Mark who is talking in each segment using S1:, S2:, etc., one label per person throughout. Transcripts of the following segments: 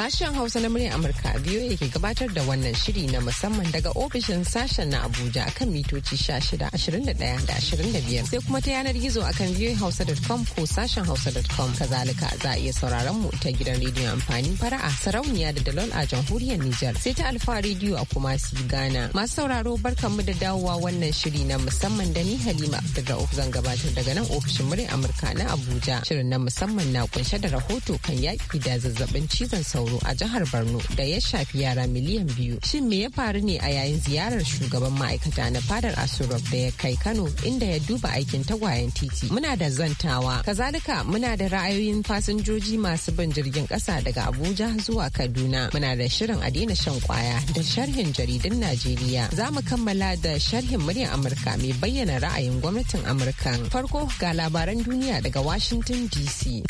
S1: Sashen Hausa na murya Amurka biyu ke gabatar da wannan shiri na musamman daga ofishin sashen na Abuja akan mitoci shida ashirin da da biyar. sai kuma ta yanar gizo akan hausa.com ko sashen hausa.com. Kazalika za a iya sauraron mu ta gidan rediyon amfani fara'a sarauniya da dalol a jamhuriyar Nijar sai ta alfa rediyo a kuma su gana Masu sauraro barkan mu da dawowa wannan shiri na musamman da ni Halima Abdulrauf zan gabatar daga nan ofishin murya Amurka na Abuja. Shirin na musamman na kunshe da rahoto kan yaƙi da zazzabin cizon sauro. tsaro a jihar Borno da ya shafi yara miliyan biyu. Shin me ya faru ne a yayin ziyarar shugaban ma'aikata na fadar Asurof da ya kai Kano inda ya duba aikin tagwayen titi. Muna da zantawa. Kazalika muna da ra'ayoyin fasinjoji masu bin jirgin ƙasa daga Abuja zuwa Kaduna. Muna da shirin a daina shan kwaya da sharhin jaridun Najeriya. Za mu kammala da sharhin muryar Amurka mai bayyana ra'ayin gwamnatin Amurka. Farko ga labaran duniya daga Washington DC.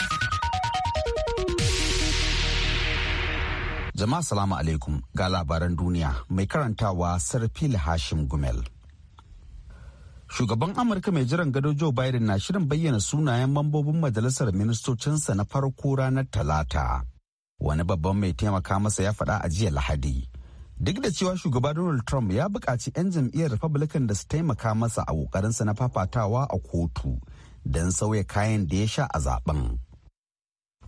S2: Jama'a salamu alaikum ga labaran duniya mai karantawa Sarfil Hashim Gumel. Shugaban Amurka mai jiran gado Joe Biden na shirin bayyana sunayen mambobin majalisar ministocinsa na farko ranar Talata. Wani babban mai taimaka masa ya faɗa a jiya Lahadi. Duk da cewa shugaba Donald Trump ya buƙaci 'yan jam'iyyar Republican da su taimaka masa a ƙoƙarinsa na fafatawa a kotu don sauya kayan da ya sha a zaben.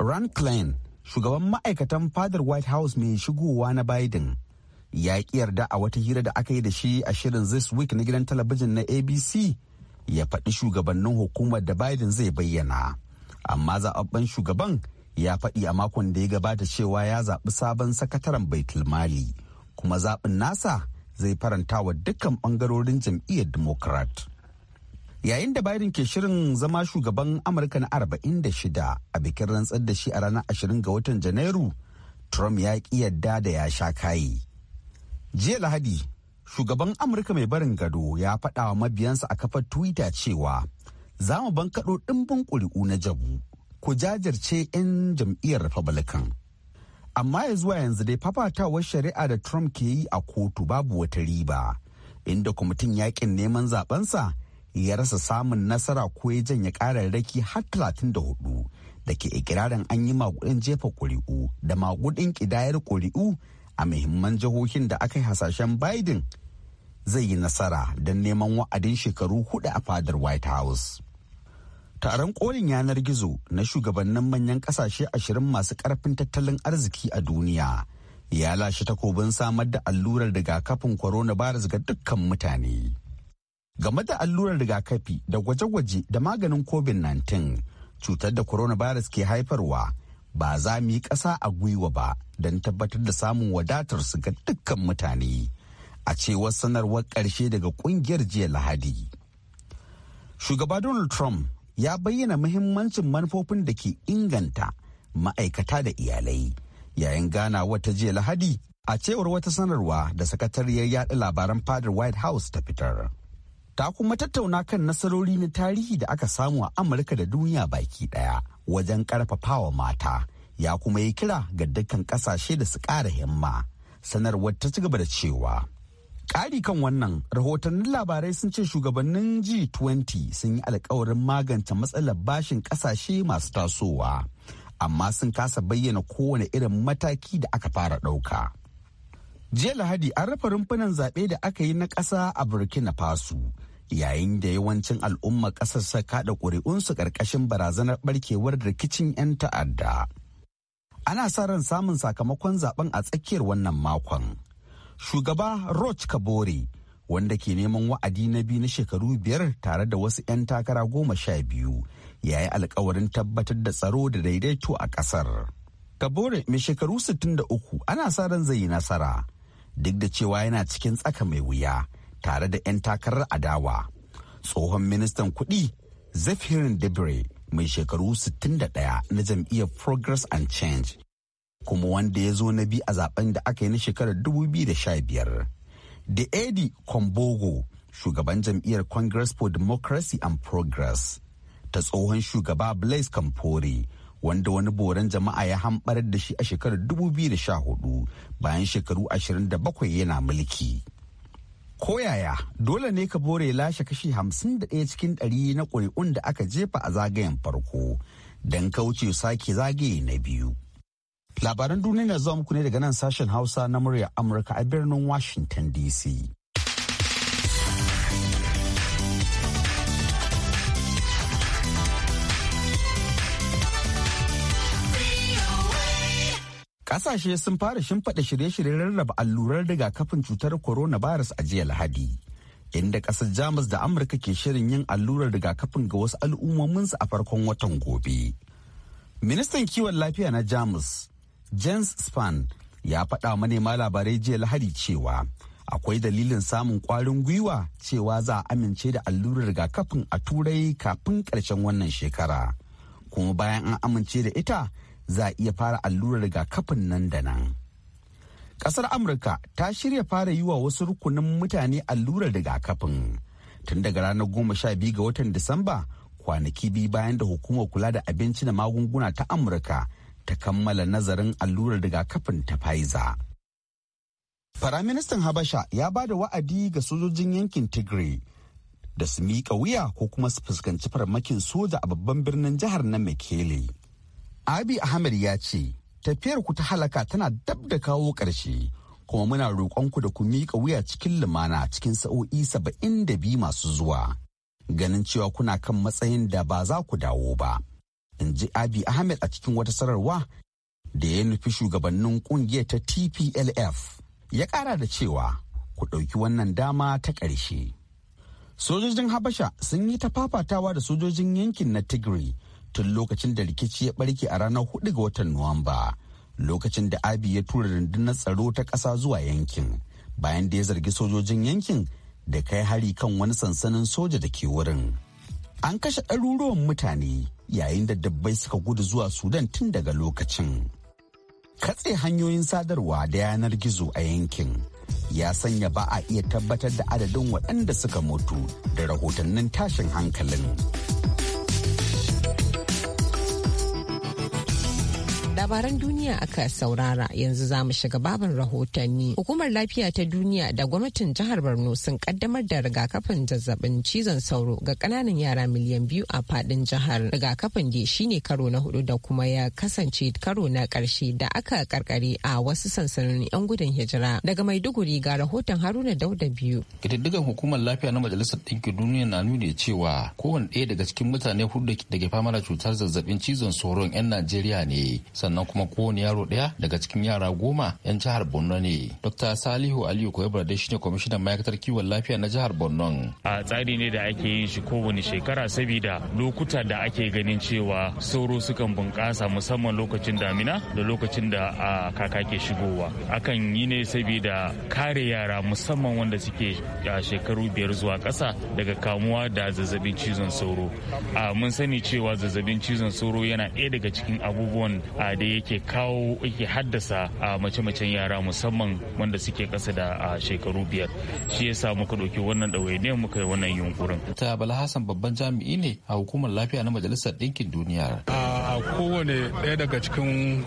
S2: Ron Klein shugaban ma'aikatan fadar white house mai shigowa na biden ya ki yarda a wata hira da aka yi da shi a shirin this week na gidan talabijin na abc ya faɗi shugabannin hukumar da biden zai bayyana amma zaɓaɓɓen shugaban ya faɗi a makon da ya gabata cewa ya zaɓi sabon sakataren baitul mali kuma zaɓin nasa zai faranta wa dukkan ɓangarorin jam'iyyar democrat yayin da Biden ke shirin zama shugaban Amurka na 46 a bikin rantsar da shi a ranar 20 ga watan Janairu, Trump ya ki yadda da ya sha kayi. Jiya Lahadi, shugaban Amurka mai barin gado ya faɗa wa mabiyansa a kafar Twitter cewa za mu bankaɗo ɗimbin ƙuri'u na jabu, ku jajirce 'yan jam'iyyar Republican. Amma ya zuwa yanzu dai fafatawar shari'a da Trump ke yi a kotu babu wata riba, inda kwamitin yakin neman zaɓensa. ya rasa samun nasara ko ya janye raki har 34 da ke ikirarin an yi maguɗin jefa ƙuri'u da maguɗin ƙidayar ƙuri'u a muhimman jihohin da aka yi hasashen Biden zai yi nasara don neman wa'adin shekaru hudu a fadar White House. Taron kolin yanar gizo na shugabannin manyan kasashe ashirin masu karfin tattalin arziki a duniya ya lashe takobin samar da allurar rigakafin coronavirus ga dukkan mutane. game da allurar rigakafi da gwaje-gwaje da maganin covid-19 cutar da coronavirus ke haifarwa ba za mu yi ƙasa a gwiwa ba don tabbatar da samun wadatar su ga dukkan mutane a cewar sanarwar ƙarshe daga ƙungiyar jiya lahadi shugaba donald trump ya bayyana muhimmancin manufofin da ke inganta ma'aikata da iyalai yayin gana wata jiya lahadi a cewar wata sanarwa da sakatariyar yaɗa labaran fadar white house ta fitar ta kuma tattauna kan nasarori na tarihi da aka samu a amurka da duniya baki daya wajen karfafawa mata ya kuma yi kira ga dukkan kasashe da su kara himma sanarwar ta ci gaba da cewa ƙari kan wannan rahotannin labarai sun ce shugabannin g20 sun yi alkawarin magance matsalar bashin kasashe masu tasowa amma sun kasa bayyana kowane irin mataki da aka fara ɗauka. jiya lahadi an rufe rumfunan zaɓe da aka yi na ƙasa a burkina faso yayin da yawancin al'umma ƙasar sa kada ƙuri'unsu ƙarƙashin barazanar barkewar rikicin 'yan ta'adda. Ana sa ran samun sakamakon zaben a tsakiyar wannan makon. Shugaba Roch Kabore, wanda ke neman wa'adi na biyu na shekaru biyar tare da wasu 'yan takara goma sha biyu, ya yi alkawarin tabbatar da tsaro da daidaito a ƙasar. Kabore mai shekaru da uku ana sa ran zai yi nasara, duk da cewa yana cikin tsaka mai wuya. tare da 'yan takarar adawa tsohon ministan kuɗi zafirin debre mai shekaru 61 na jam'iyyar progress and change kuma wanda ya zo na bi a zaben da aka yi na shekarar 2015 da eddie kombogo shugaban jam'iyyar congress for democracy and progress ta tsohon shugaba blaise kamfore wanda wani boran jama'a ya hambarar da shi a shekarar 2014 bayan shekaru 27 yana mulki koyaya dole ne ka bore lashe kashi hamsin da ɗaya cikin ɗari na ƙuri'un da aka jefa a zagayen farko don kauce sake zagaye na biyu. Labaran duniya na zuwa muku ne daga nan sashen Hausa na murya Amurka a birnin Washington DC. Kasashe sun fara shimfiɗa shirye-shiryen rarraba allurar rigakafin cutar coronavirus a jiya Lahadi. Inda ƙasar Jamus da Amurka ke shirin yin allurar rigakafin ga wasu al'ummominsu a farkon watan gobe. Ministan kiwon lafiya na Jamus, Jens span ya faɗa manema labarai jiya Lahadi cewa akwai dalilin samun kwarin gwiwa cewa za a amince da allurar rigakafin a turai kafin ƙarshen wannan shekara kuma bayan an amince da ita za a iya fara allurar rigakafin nan da nan. Kasar Amurka ta shirya fara yi wa wasu rukunin mutane allurar rigakafin tun daga ranar goma sha biyu ga watan Disamba kwanaki biyu bayan da hukumar kula da abinci da magunguna ta Amurka ta kammala nazarin allurar rigakafin ta Pfizer. Firaministan Habasha ya ba da wa'adi ga sojojin yankin Tigray da su miƙa wuya ko kuma su fuskanci farmakin soja a babban birnin jihar na Mekele. Abi Ahmed ya ce, tafiyar ku ta halaka tana dab da kawo ƙarshe, kuma muna roƙonku da ku miƙa wuya cikin lumana cikin sa'o'i saba'in da biyu masu zuwa. Ganin cewa kuna kan matsayin da ba za ku dawo ba. In ji Abi Ahmed a cikin wata sararwa da ya nufi shugabannin ƙungiyar ta TPLF. Ya ƙara da cewa, ku ɗauki wannan dama ta ƙarshe. Sojojin Habasha sun yi ta fafatawa da sojojin yankin na Tigray tun lokacin da rikici ya barke a ranar 4 ga watan Nuwamba lokacin da Abi ya tura rundunar tsaro ta ƙasa zuwa yankin bayan da ya zargi sojojin yankin da kai hari kan wani sansanin soja da ke wurin. An kashe ɗaruruwan mutane yayin da dabbai suka gudu zuwa Sudan tun daga lokacin. Katse hanyoyin sadarwa da yanar gizo a yankin ya sanya ba a iya tabbatar da adadin waɗanda suka mutu da rahotannin tashin hankalin.
S1: Labaran duniya aka saurara yanzu za mu shiga babin rahotanni. Hukumar lafiya ta duniya da gwamnatin jihar Borno sun kaddamar da rigakafin zazzabin cizon sauro ga kananan yara miliyan biyu a fadin jihar. Rigakafin da shine karo na hudu da kuma ya kasance karo na karshe da aka karkare a wasu sansanin 'yan gudun hijira. Daga Maiduguri ga rahoton Haruna Dauda biyu.
S3: Kididdigan hukumar lafiya na Majalisar Ɗinkin Duniya na nuni cewa kowane ɗaya daga cikin mutane hudu da ke fama da cutar zazzabin cizon sauron 'yan Najeriya ne sannan kuma kowane yaro ɗaya daga cikin yara goma 'yan jihar borno ne dr salihu aliyu koyabar da ne kwamishinan ma'aikatar kiwon lafiya na jihar borno a tsari ne da ake yin shi kowane shekara sabida lokuta da ake ganin cewa sauro sukan bunƙasa musamman lokacin damina da lokacin da a kaka ke shigowa akan yi ne sabida kare yara musamman wanda suke a shekaru biyar zuwa ƙasa daga kamuwa da zazzabin cizon sauro mun sani cewa zazzabin cizon sauro yana ɗaya daga cikin abubuwan a da yake kawo yake haddasa a mace-macen yara musamman wanda suke kasa da shekaru biyar shi yasa muka ɗauki wannan ɗawainiyar muka yi wannan yunkurin. ta bala hassan babban jami'i ne a hukumar lafiya na majalisar ɗinkin duniya.
S4: a kowane ɗaya daga cikin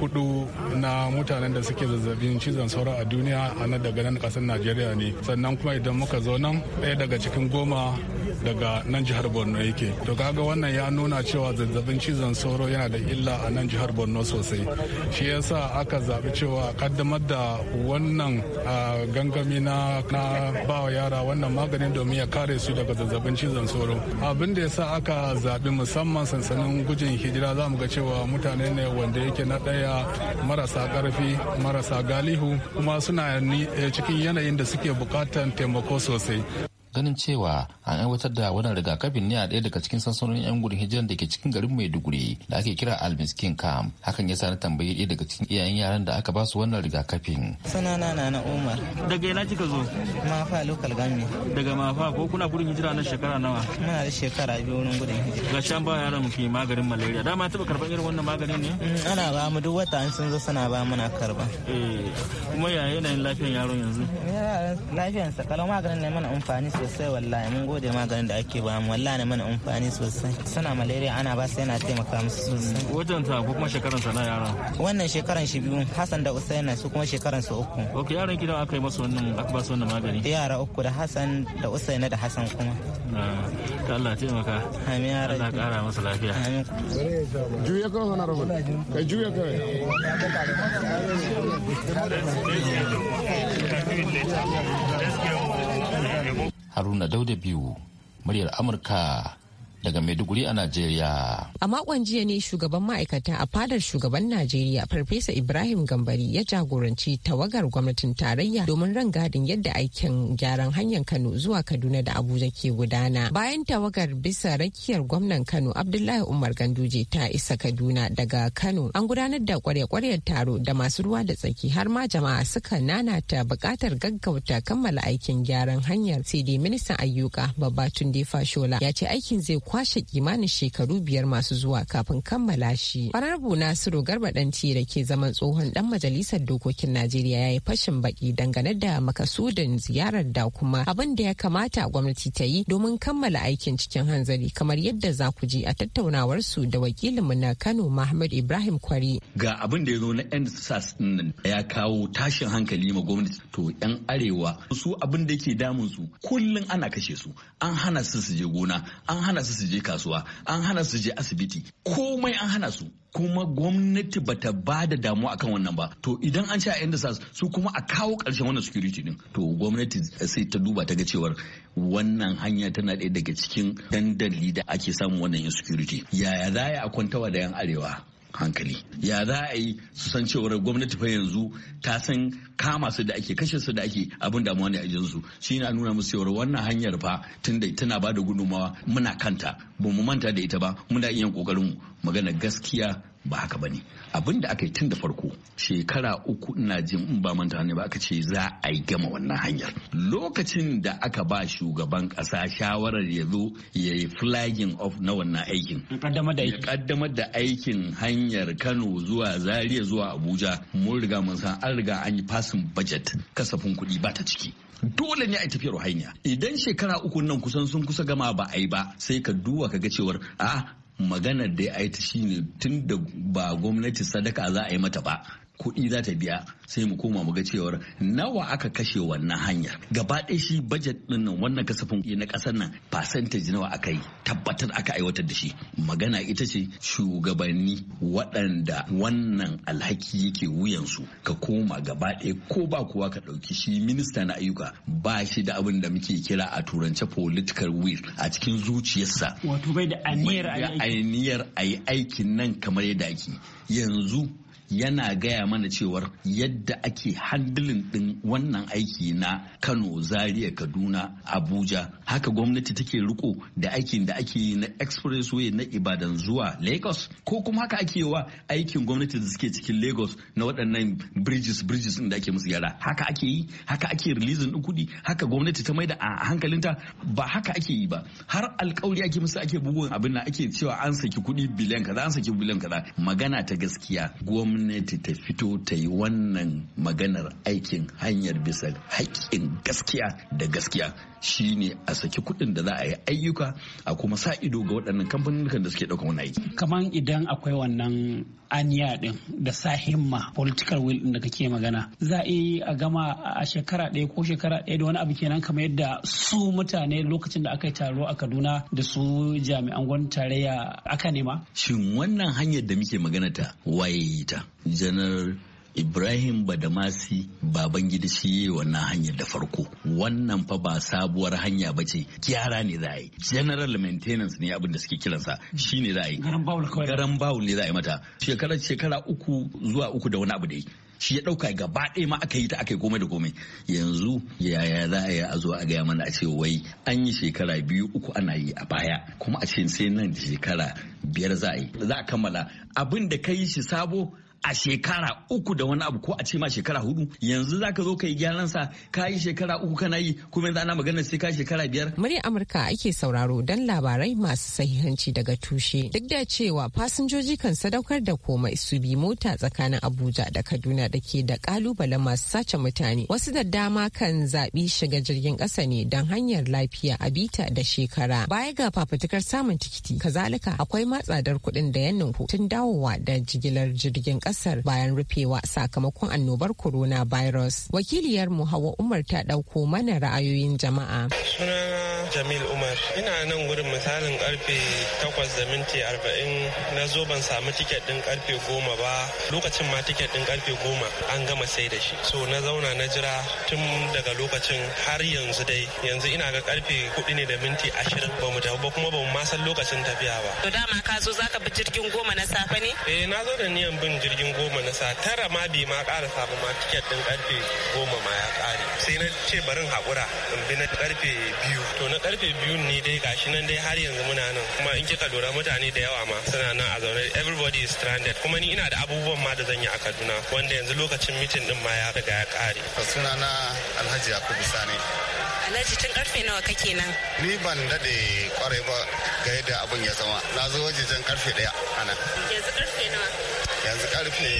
S4: kudu na mutanen da suke zazzabin cizon sauro a duniya a nan daga nan ƙasar najeriya ne sannan kuma idan muka zo nan ɗaya daga cikin goma daga nan jihar borno yake to kaga wannan ya nuna cewa zazzabin cizon sauro yana da illa a nan jihar borno sosai shi yasa aka zaɓi cewa kaddamar da wannan gangami na ba wa yara wannan maganin domin ya kare su daga zazzabin cizon sauro abin da yasa aka zaɓi musamman sansanin gujin hijira za mu ga cewa mutane ne wanda yake na ɗaya marasa ƙarfi marasa galihu kuma suna eh, cikin yanayin da suke bukatan taimako sosai ganin
S3: cewa an aiwatar da wannan rigakafin ne a ɗaya daga cikin sansanonin 'yan gudun hijiran da ke cikin garin maiduguri da ake kira almiskin camp hakan ya sa tambayi ɗaya daga cikin iyayen yaran da aka ba su wannan
S5: rigakafin sunana na na umar daga ina kika zo mafa local gami daga mafa ko kuna gudun hijira na shekara nawa muna da shekara biyu wurin gudun hijira ga shan ba yaran mu ke maganin malaria ma taɓa karɓar irin wannan maganin ne mm, ana ba mu duk wata an sun zo suna ba muna karɓa eh, kuma ya yanayin lafiyan yaron yanzu lafiyansa kalau maganin ne mana amfani sosai sosai wallahi mun gode maganin da ake ba mu wallahi ne mana amfani sosai suna malaria ana ba su yana taimaka musu sosai
S3: wajen ta ko kuma shekaran sa na yara
S5: wannan shekaran shi biyu Hassan da Usaina su kuma shekaran su uku ok
S3: yaran da aka yi musu wannan aka ba su wannan magani yara
S5: uku da Hassan da Usaina da Hassan
S4: kuma
S3: ta Allah taimaka amin ya Allah kara masa lafiya amin
S4: juya kawai sana rabu kai juya kawai
S1: Let's go.
S4: haruna
S3: dauda biyu muryar amurka daga Maiduguri a Najeriya.
S1: A makon jiya ne shugaban ma'aikata a fadar shugaban Najeriya Farfesa Ibrahim Gambari ya jagoranci tawagar gwamnatin tarayya domin rangadin yadda aikin gyaran hanyar Kano zuwa Kaduna da Abuja ke gudana. Bayan tawagar bisa rakiyar gwamnan Kano Abdullahi Umar Ganduje ta isa Kaduna daga Kano an gudanar da kwarya-kwaryar taro da masu ruwa da tsaki har ma jama'a suka nanata buƙatar gaggauta kammala aikin gyaran hanyar sai dai ministan ayyuka Babatunde Fashola ya ce aikin zai kwashe kimanin shekaru biyar masu zuwa kafin kammala shi. bu Nasiru Garba Danti da ke zaman tsohon dan majalisar dokokin Najeriya ya yi fashin baki dangane da makasudin ziyarar da kuma abin da ya kamata gwamnati ta yi domin kammala aikin cikin hanzari kamar yadda za ku ji a tattaunawar su da wakilinmu na Kano Muhammad Ibrahim Kwari.
S6: Ga abin da ya zo na yan sas nan ya kawo tashin hankali ma gwamnati to yan arewa su abin da ke damun su kullum ana kashe su an hana su su je gona an hana su su je kasuwa an hana su je asibiti komai an hana su kuma gwamnati bata ba da damuwa akan wannan ba to idan an ce a yanda su kuma a kawo karshen wannan security din to gwamnati sai ta duba ta ga cewar wannan hanya tana daya daga cikin dandali da ake samun wannan sikuriti yaya za a kwantawa da yan arewa hankali ya za a yi su san cewar gwamnati fa yanzu ta san kama su da ake kashe su da ake abin damuwa ne a jinsu shi na nuna musu cewar wannan hanyar fa da tana ba da gudunmawa muna kanta ba mu manta da ita ba muna iya kokarin magana gaskiya ba haka bane abin da aka yi tun da farko shekara uku ina jin in ba manta ne ba aka ce za a yi gama wannan hanyar lokacin da aka ba shugaban kasa shawarar ya zo ya yi flagging of na wannan aikin kaddamar da aikin hanyar kano zuwa zaria zuwa abuja mun riga mun san an riga an yi fasin budget kasafin kuɗi ba ta ciki dole ne a tafiyar hanya idan shekara uku nan kusan sun kusa gama ba a yi ba sai ka duwa ka ga cewar a ah, maganar da ya aita shine tun da ba gwamnati sadaka za a yi mata ba kuɗi za ta biya sai mu koma mu ga cewar nawa aka kashe wannan hanyar gaba ɗaya shi bajet ɗin nan wannan kasafin na ƙasar nan percentage nawa aka yi tabbatar aka aiwatar da shi magana ita ce shugabanni waɗanda wannan alhaki yake wuyansu ka koma gaba ɗaya ko ba kowa ka ɗauki shi minista na ayyuka ba shi da abin da muke kira a turance political will a cikin zuciyarsa
S5: wato bai da aniyar
S6: ayi aikin nan kamar yadda ake yanzu yana gaya mana cewar yadda ake handilin ɗin wannan aiki na Kano, Zaria, Kaduna, Abuja. Haka gwamnati take riko da aikin da ake yi na expressway na Ibadan zuwa Lagos ko kuma haka ake yi wa aikin gwamnati da suke cikin Lagos na waɗannan bridges bridges da ake musu gyara. Haka ake yi, haka ake releasing ɗin kuɗi, haka gwamnati ta maida a hankalinta ba haka ake yi ba. Har alkawari ake musu ake bugun abin nan ake cewa an saki kuɗi biliyan kaza an saki biliyan kaza magana ta gaskiya gwamnati gwamnati ta fito ta yi wannan maganar aikin hanyar bisa haƙƙin gaskiya da gaskiya Shi ne a saki kuɗin da za a yi ayyuka a kuma sa ido ga waɗannan kamfanin da suke ɗauka wani aiki. Kaman idan
S5: akwai wannan aniya ɗin da sa himma political will ɗin da kake magana za a yi a gama a shekara ɗaya ko shekara ɗaya da wani abu kenan kamar yadda su mutane lokacin da aka yi taro a Kaduna da su jami'an gwamnati tarayya aka nema.
S6: Shin wannan hanyar da muke magana ta waye ta? general ibrahim badamasi babangida shi yi wannan hanyar da farko wannan fa ba sabuwar hanya ba ce gyara ne za a yi general maintenance ne abin da suke kiransa shi ne za a yi garan bawul ne za a yi mata shekara shekara uku zuwa uku da wani abu da yi shi ya ɗauka gaba ɗaya ma aka yi ta aka yi komai da komai yanzu yaya za a yi a zo a gaya mana a ce wai an yi shekara biyu uku ana yi a baya kuma a ce sai nan shekara biyar za a yi za a kammala abin da ka yi shi sabo a shekara uku da wani abu ko a ce ma shekara hudu yanzu zaka zo ka yi gyaran sa ka yi shekara uku kana yi kuma yanzu ana magana sai ka shekara biyar.
S1: Murya Amurka ake sauraro don labarai masu sahihanci daga tushe duk da cewa fasinjoji kan sadaukar da komai su bi mota tsakanin Abuja da Kaduna da ke da kalubalen masu sace mutane wasu da dama kan zaɓi shiga jirgin ƙasa ne don hanyar lafiya a bita da shekara baya ga fafutukar samun tikiti kazalika akwai matsadar kuɗin da ya ninku tun dawowa da jigilar jirgin ƙasa kasar bayan rufewa sakamakon annobar coronavirus. Wakiliyar mu Hawa Umar ta ɗauko mana ra'ayoyin jama'a.
S3: Jamil Umar. Ina nan wurin misalin karfe 8 da minti 40 na zo ban samu tiket din karfe 10 ba. Lokacin ma tiket din karfe 10 an gama sai da shi. So na zauna na jira tun daga lokacin har yanzu dai. Yanzu ina ga karfe 4 ne da minti 20 ba mu tafi ba kuma ba mu ma san lokacin tafiya ba.
S1: To dama ka zo zaka bi jirgin goma
S3: na safe ne? Eh na zo da niyan bin jirgin goma na safe tara ma bi ma ƙara samu ma tiket din karfe 10 ma ya ƙare. Sai na ce barin haƙura in bi na karfe biyu. To na karfe
S5: biyu ne dai gashi nan dai har
S3: yanzu muna nan kuma in kika lura mutane da yawa ma suna nan a zaune everybody is stranded kuma ni ina da abubuwan ma da zan yi a Kaduna wanda yanzu lokacin mitin din ma ya riga
S7: ya kare suna na Alhaji Yakubu Sani
S1: Alhaji tun karfe nawa kake nan?
S7: Ni ban dade kwarai ba ga yadda abun ya zama. Na zo wajejen karfe daya ana.
S5: Yanzu karfe nawa?
S7: Yanzu karfe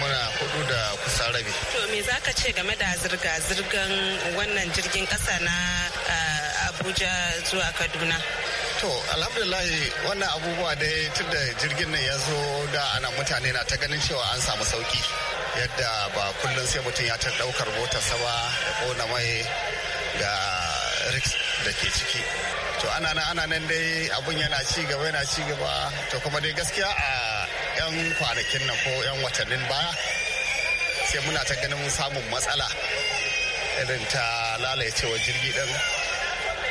S7: muna hudu da kusan rabi.
S1: To me za ka ce game da zirga-zirgan wannan jirgin kasa na
S7: ah, abuja zuwa kaduna to alhamdulillahi wannan abubuwa dai tun da jirgin nan ya zo da ana mutane na ta ganin cewa an samu sauki yadda ba kullum sai mutum ya ta daukar motarsa ba ya kona mai da risk da ke ciki to ana nan ana nan dai abun yana ci gaba yana ci gaba to kuma dai gaskiya a yan kwanakin nan ko yan watannin ba sai muna ta ganin samun matsala irin ta lalacewa jirgi din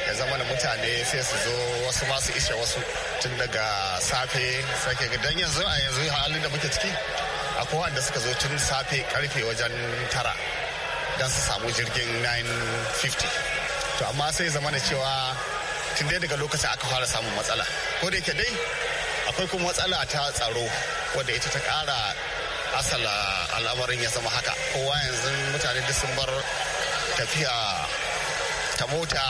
S7: ya zama da mutane sai su zo wasu masu ishe wasu tun daga safe sake gidan yanzu a yanzu halin da muke ciki akwai wanda suka zo tun safe karfe wajen tara don su samu jirgin 950 to amma sai zama da cewa tun dai daga lokacin aka fara samun matsala ko da yake dai akwai kuma matsala ta tsaro wadda ita ta kara asala al'amarin ya zama haka kowa yanzu mutane duk sun bar tafiya ta mota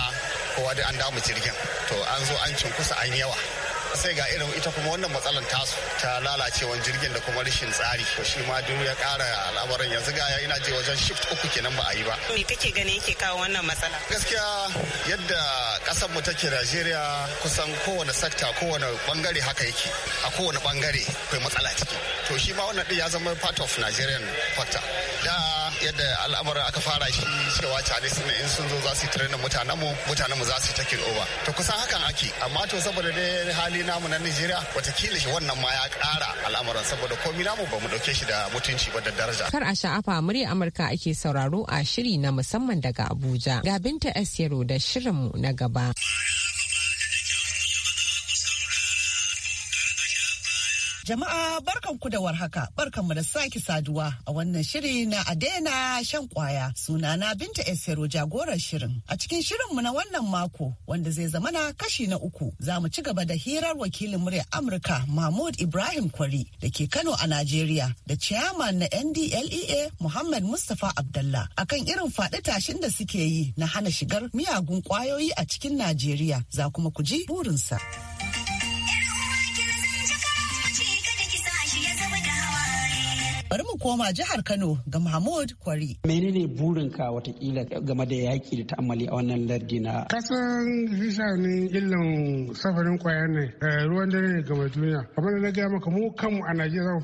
S7: kowa dai an damu jirgin to an zo an kusa an yawa sai ga irin ita kuma wannan matsalar tasu ta lalacewan jirgin da kuma rashin tsari to shi ma duk ya kara al'amarin yanzu ga ya ina je wajen shift uku kenan ba a yi ba me kake gani yake kawo wannan matsala gaskiya yadda kasar mu take Najeriya kusan kowane sakta kowane bangare haka yake a kowane bangare akwai matsala ciki to shi ma wannan din ya zama part of Nigerian factor da yadda al'amuran aka fara shi cewa cani ne in sun zo za su trainin mutanen mu mutanen mu za su take over to kusan hakan ake amma to saboda dai hali namu na Najeriya watakila shi wannan ma ya kara al'amarin saboda komi namu ba mu dauke shi da mutunci ba da daraja kar a
S1: sha'afa murya Amurka ake sauraro a shiri na musamman daga Abuja ga Binta S Yaro da mu na gaba. Jama'a ku da warhaka, mu da sake saduwa a wannan shiri na Adena shan kwaya. na Binta Esero jagoran shirin. A cikin shirinmu na wannan mako wanda zai zama na kashi na uku za mu ci gaba da hirar wakilin muryar Amurka Mahmud Ibrahim Kwari da ke Kano a Najeriya da chairman na NDLEA Muhammad Mustapha Abdallah akan irin faɗi tashin da suke yi na hana shigar miyagun kwayoyi a cikin Najeriya za kuma ku ji burinsa. Bari mu koma jihar Kano ga Mahmud Kwari.
S5: Menene burinka watakila game da yaki da ta'ammali a wannan lardi na?
S4: Kasan shisha ne illan safarin kwaya ne eh, ruwan dare ne game duniya. Kamar da na gaya maka mu kanmu a Najeriya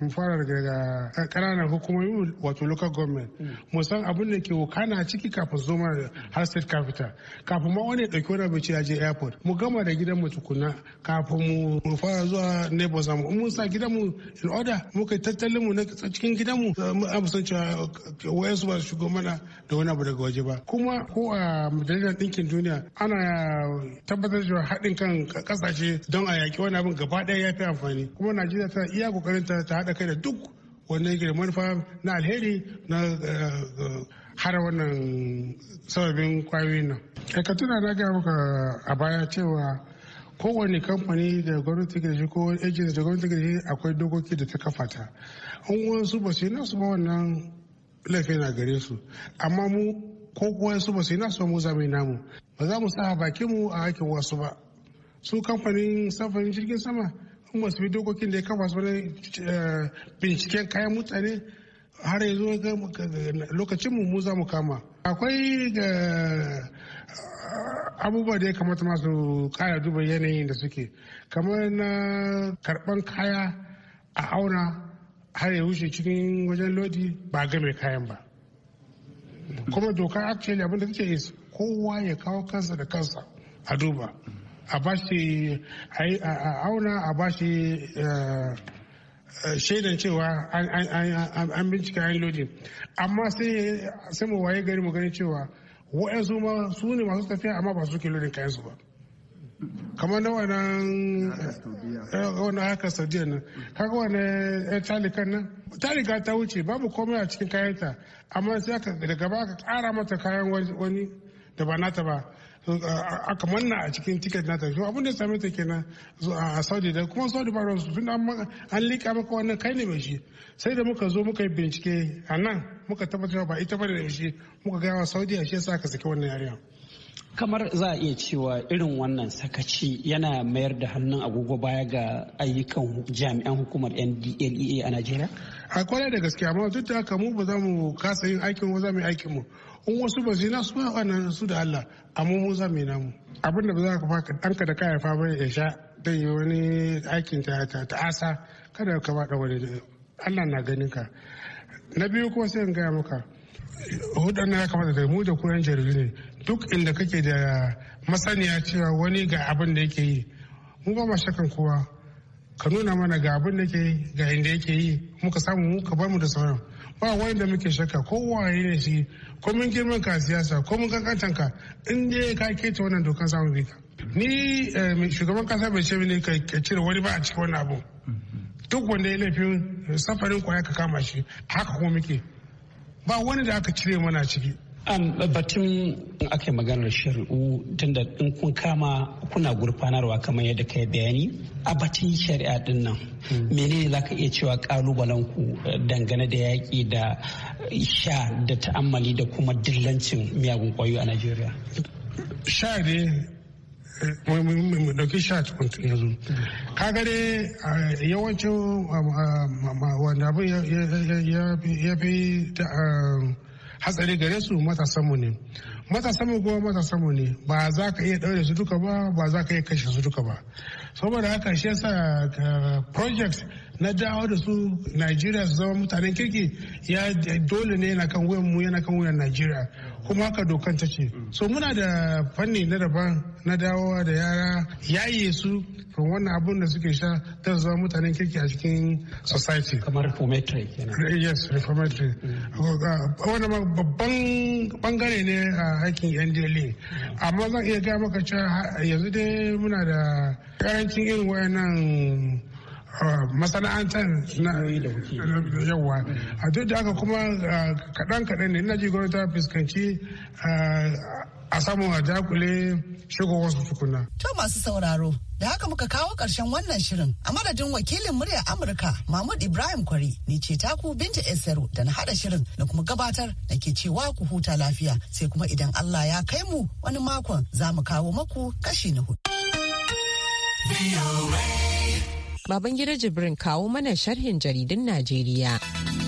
S4: mu fara daga eh, ƙananan hukumomi wato local government. Hmm. Mu san abin da ke wukana ciki kafin zoma mana har state capital. Kafin ma wani ya ɗauki wani abinci ya je airport. Mu gama da gidan mu tukuna kafin mu fara zuwa neighbors mu. Mun sa gidan mu in order muka tattalin mu na cikin gidanmu eh, mu san cewa eh, su ba su shigo mana da wani abu daga waje ba kuma ko a majalisar ɗinkin duniya ana tabbatar da haɗin kan ƙasashe don a yaƙi wani abin gaba ɗaya ya fi amfani kuma najeriya tana iya ƙoƙarin ta haɗa kai da duk wannan yake manufa na alheri na eh, har wannan sababin kwayoyin nan. tuna na gaya maka a baya cewa kowane kamfani da gwamnati ke da shi ko agency da gwamnati ke akwai dokoki da ta kafa ta in su ba sai nasu ba wannan laifin na gare su amma mu ko kuwa su ba sai nasu ba mu za mu namu ba za mu sa bakin mu a hakin wasu ba su kamfanin safarin jirgin sama in ba su bi dokokin da ya kafa su ba eh, binciken kayan mutane har yanzu lokacin mu za mu kama akwai ga eh, abubuwa da ya kamata masu kara duba yanayin da suke kamar na karban kaya a auna har ya wuce cikin wajen lodi ba ga mai kayan ba kuma doka actually abin da ta ce kowa ya kawo kansa da kansa a duba a bashi a auna a bashi eh, eh, shaidan cewa an bincika an lodi amma sai mu waye gari mu gani cewa wa'yansu ma su ne masu tafiya amma ba su ke lodin kayansu ba kamar na wannan eh, wannan haka sadiyar nan kaga wani eh, talikan nan ta riga ta wuce babu komai a cikin kayanta amma sai aka daga ba aka kara mata kayan wani da ba nata ba aka manna a cikin tiket nata shi abin da same ta kenan a saudi da kuma saudi ba su tun an lika maka wannan kai ne mai shi sai da muka zo muka yi bincike a nan muka tabbatar ba ita ba da shi muka gaya wa saudi a shi yasa aka saki wannan yarinya
S5: kamar za a iya cewa irin wannan sakaci yana mayar da hannun agogo baya ga ayyukan
S4: jami'an hukumar ndlea a najeriya a kwarai da gaske amma duk da haka mu ba za mu kasa yin aikin mu za mu yi aikin mu in wasu ba zina su ba wannan su da allah amma mu za mu yi namu abin da ba za ka faka ka da kaya fa ya sha dan yi wani aikin ta'asa kada ka da wani allah na ganin ka na biyu kuma sai in gaya maka hudu na ya kamata da mu da kuran yan jaridu ne duk inda kake da masaniya cewa wani ga abin da yake yi mu ba shakan kowa ka nuna mana ga abin da yake ga inda yake yi muka samu mu ka bar mu da sauran ba da muke shakka ko waye ne shi ko mun girman ka siyasa ko mun kankantan ka in dai ka keta wannan dokan samun bika ni eh, shugaban kasa bai ce mini ka cire wani ba a cikin wannan abu duk wanda ya laifin eh, safarin kwaya ka kama shi haka kuma muke ba wani da aka cire mana ciki
S5: batun aka yi maganar shari'u tunda in kun kama kuna gurfanarwa kamar yadda ka bayani a batun shari'a din nan hmm. menene za ka iya cewa kalubalenku eh, dangane da yaƙi da sha da ta'ammali da kuma dillancin miyagun kwayo a najeriya sha dai
S4: eh, mu dauki sha tukuntun yanzu hmm. kagare eh, yawancin um, um, um, wanda abin ya fi hatsari gare su matasanmu ne matasan mu kuma matasan samu ne ba za ka iya ɗaure su duka ba ba za ka iya kashe su duka ba saboda haka shi yasa eh, project na dawo da su Nigeria su zama mutanen kirki ya dole ne yana kan wuyan mu yana kan wuyan Nigeria kuma haka dokan ta ce so muna da fanni na daban na dawowa da yara yaye su kan wannan abun da suke sha ta zama mutanen kirki a cikin society kamar reformatory eh, yes reformatory mm. wannan babban bangare ne a ah, aikin yan dele amma zan iya gaya maka cewa yanzu dai muna da karancin irin wayannan uh, masana'antar na yawa a duk da haka kuma uh, kaɗan-kaɗan ne na ji gwamnati ta fuskanci uh, a samu a dakule wasu tukuna.
S1: To masu sauraro, da haka muka kawo ƙarshen wannan shirin a madadin wakilin murya Amurka Mahmud Ibrahim Kwari ne ce taku Binta Esaru da na haɗa shirin na kuma gabatar da ke cewa ku huta lafiya sai kuma idan Allah ya kai mu wani makon za mu kawo maku kashi na hudu. Babangida Jibrin kawo mana sharhin jaridun Najeriya.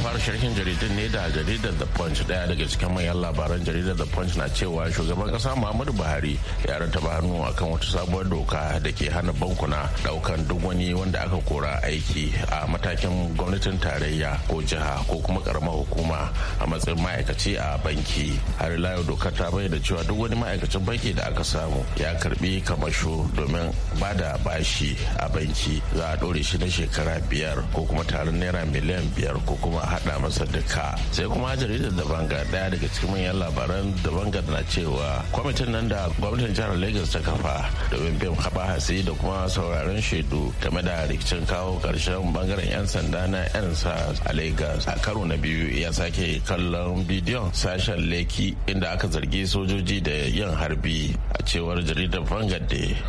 S3: fara sharhin jaridar ne da jaridar The Punch daya daga cikin manyan labaran jaridar The Punch na cewa shugaban kasa Muhammadu Buhari ya rataba hannu akan wata sabuwar doka da ke hana bankuna daukan duk wani wanda aka kora aiki a matakin gwamnatin tarayya ko jiha ko kuma karamar hukuma a matsayin ma'aikaci a banki. Har layo dokar ta bayyana cewa duk wani ma'aikacin banki da aka samu ya karbi kamasho domin ba da bashi a banki za a dore shi na shekara biyar ko kuma tarin naira miliyan biyar ko kuma hada masa duka sai kuma jaridar da banga daya daga cikin manyan labaran da banga na cewa kwamitin nan da gwamnatin jihar lagos ta kafa domin bin haɓa da kuma sauraron shaidu game da rikicin kawo karshen bangaren 'yan sanda na 'yan sa a lagos a karo na biyu ya sake kallon bidiyon sashen leki inda aka zargi sojoji da yin harbi a cewar jaridar da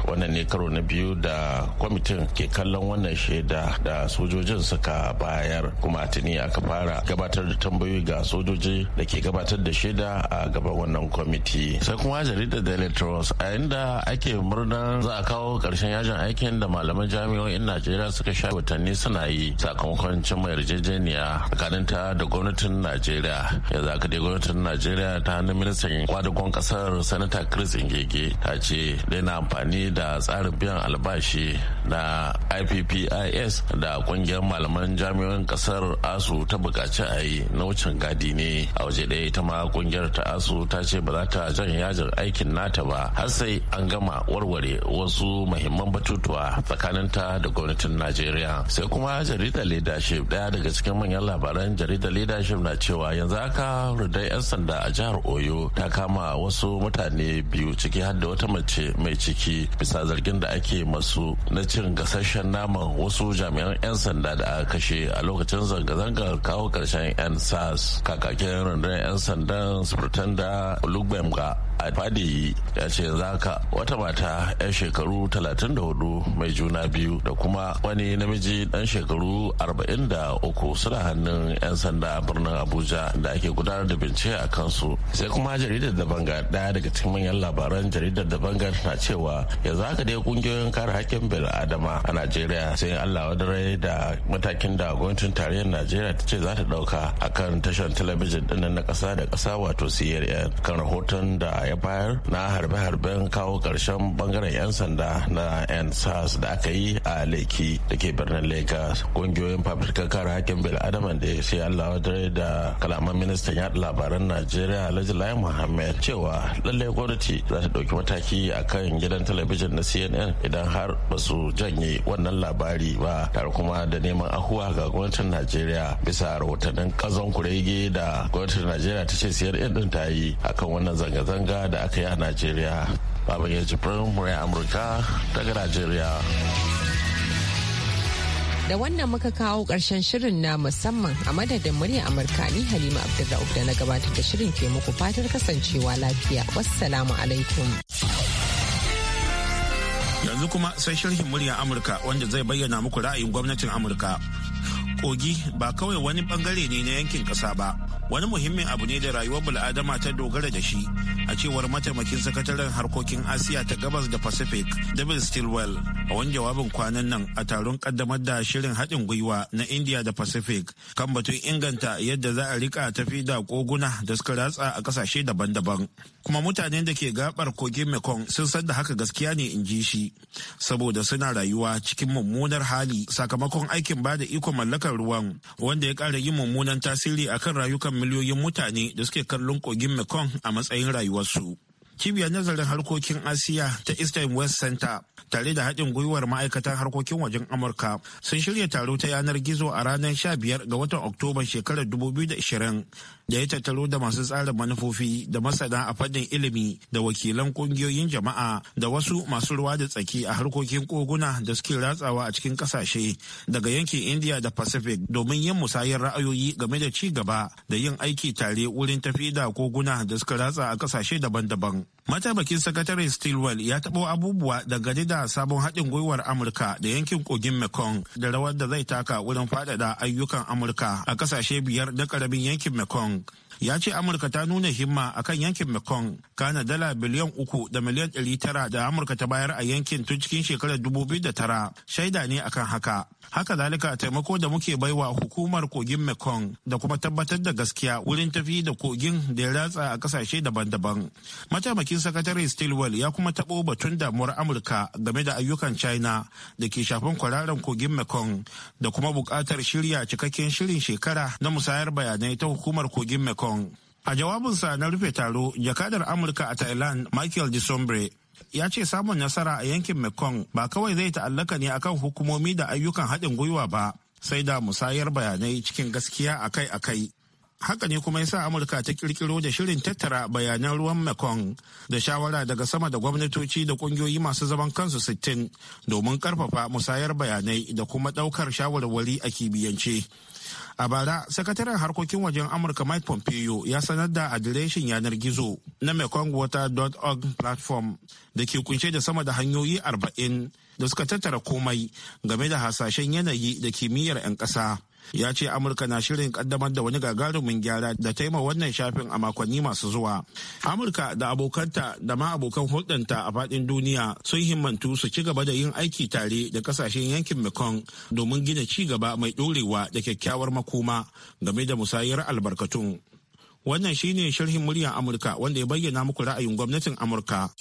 S3: wannan ne karo na biyu da kwamitin ke kallon wannan shaida da sojojin suka bayar kuma tuni aka fara gabatar da tambayoyi ga sojoji da ke gabatar da shaida a gaban wannan kwamiti sai kuma jaridar daily trust a inda ake murnar za a kawo karshen yajin aikin da malaman jami'o'in najeriya suka sha watanni suna yi sakamakon cimma yarjejeniya ta da gwamnatin najeriya yanzu aka dai gwamnatin najeriya ta hannun ministan kwadagon kasar sanata chris ingege ta ce daina amfani da tsarin biyan albashi na ippis da kungiyar malaman jami'o'in kasar asu ta buƙaci a yi na wucin gadi ne a waje ɗaya ita ma kungiyar ta asu ta ce ba za ta jan yajin aikin nata ba har sai an gama warware wasu mahimman batutuwa tsakanin ta da gwamnatin najeriya sai kuma jaridar leadership ɗaya daga cikin manyan labaran jaridar leadership na cewa yanzu aka rudai 'yan sanda a jihar oyo ta kama wasu mutane biyu ciki har da wata mace mai ciki bisa zargin da ake masu na cin gasasshen naman wasu jami'an 'yan sanda da aka kashe a lokacin zanga-zangar kawo karshen 'yan sas kakakin rundunar 'yan sandan spritanda lugbemga a fadi ya ce zaka wata mata 'yan shekaru 34 mai juna biyu da kuma wani namiji dan shekaru 43 suna hannun 'yan sanda birnin abuja da ake gudanar da bincike a kansu sai kuma jaridar da banga daya daga cikin manyan labaran jaridar da banga na cewa yanzu haka dai kungiyoyin kare hakkin bil adama a najeriya sai allah wadarai da matakin da gwamnatin tarayyar najeriya ta ce za ta dauka kan tashar talabijin din na kasa da kasa wato crn kan rahoton da ya bayar na harbe-harben kawo karshen bangaren 'yan sanda na 'yan sars da aka yi a leki da ke birnin lagos kungiyoyin fabrikar kare hakkin bil'adama da sai allah dare da kalaman ministan yaɗa labaran najeriya alhaji lai muhammed cewa lallai gwamnati za ta ɗauki mataki a kan gidan talabijin na cnn idan har ba su janye wannan labari ba tare kuma da neman ahuwa ga gwamnatin najeriya bisa rahotannin kazan kurege da gwamnatin najeriya ta ce siyar din ta yi akan wannan zanga-zanga da aka yi a najeriya baban ya firin muryar amurka daga najeriya
S1: da wannan muka kawo karshen shirin na musamman a madadin murya amurka ni halima abdullahi da na gabatar da shirin ke muku fatar kasancewa lafiya wassalamu alaikum
S8: yanzu kuma sai sharhin murya amurka wanda zai bayyana muku ra'ayin gwamnatin amurka kogi ba kawai wani bangare ne na yankin ƙasa ba wani muhimmin abu ne da rayuwar bil'adama ta dogara da shi a cewar mataimakin sakataren harkokin asiya ta gabas da pacific david stilwell a wani jawabin kwanan nan a taron kaddamar da shirin haɗin gwiwa na india da pacific kan batun inganta yadda za a rika tafi da koguna da suka ratsa a ƙasashe daban-daban kuma mutanen da ke gabar kogin mekong sun san da haka gaskiya ne in ji shi saboda suna rayuwa cikin mummunar hali sakamakon aikin ba da ikon mallakar ruwan wanda ya kara yin mummunan tasiri akan rayukan miliyoyin mutane da suke kallon kogin mekong a matsayin rayuwa wasu. Cibiyar nazarin harkokin Asiya ta Eastern West Center tare da haɗin gwiwar ma'aikatan harkokin wajen Amurka sun shirya taro ta yanar gizo a ranar 15 ga watan Oktoba shekarar 2020 da ya tattaro da masu tsara manufofi da masana a fannin ilimi da wakilan kungiyoyin jama'a da wasu masu ruwa da tsaki a harkokin koguna da suke ratsawa a cikin kasashe daga yankin india da pacific domin yin musayar ra'ayoyi game da ci gaba da yin aiki tare wurin tafi da koguna da suka ratsa a kasashe daban-daban Mataimakin sakatare Stilwell ya taɓo abubuwa dangane da sabon haɗin gwiwar Amurka da yankin kogin Mekong da rawar da zai taka wurin faɗaɗa ayyukan Amurka a ƙasashe biyar da ƙaramin yankin Mekong. Ya ce Amurka ta nuna himma a kan yankin Mekong, kana dala biliyan uku da miliyan ɗari tara da Amurka ta bayar a yankin tun cikin shekarar dubu biyu da tara, shaida ne akan haka. Haka zalika taimako da muke baiwa hukumar kogin Mekong da kuma tabbatar da gaskiya wurin tafi da kogin da ya ratsa a ƙasashe daban-daban. Mataimakin sakatare stilwell ya kuma taɓo batun damuwar amurka game da ayyukan china da ke shafin kwararren kogin mekong da kuma buƙatar shirya cikakken shirin shekara na musayar bayanai ta hukumar kogin mekong a jawabinsa na rufe taro jakadar amurka a thailand michael disombre ya ce samun nasara a yankin mekong ba kawai zai ta'allaka ne akan hukumomi da ayyukan haɗin gwiwa ba sai da musayar bayanai cikin gaskiya akai-akai haka ne kuma yasa amurka ta kirkiro da shirin tattara bayanan ruwan mekong da shawara daga sama da gwamnatoci da kungiyoyi masu zaman kansu 60 domin karfafa musayar bayanai da kuma daukar shawarwari a kibiyance a bara sakataren harkokin wajen amurka mike pompeo ya sanar da adireshin yanar gizo na mekongwater.org platform da ke kunshe da sama da hanyoyi 40 da suka tattara komai game da hasashen yanayi da kimiyyar 'yan ƙasa. ya ce amurka na shirin kaddamar da wani gagarumin gyara da ta wannan shafin a makonni masu zuwa amurka da abokanta da ma abokan hulɗanta a faɗin duniya sun himmantu su ci gaba da yin aiki tare da kasashen yankin mekong domin gina ci gaba mai ɗorewa da kyakkyawar makoma game da musayar albarkatun wannan shine sharhin muryar amurka wanda ya bayyana muku ra'ayin gwamnatin amurka.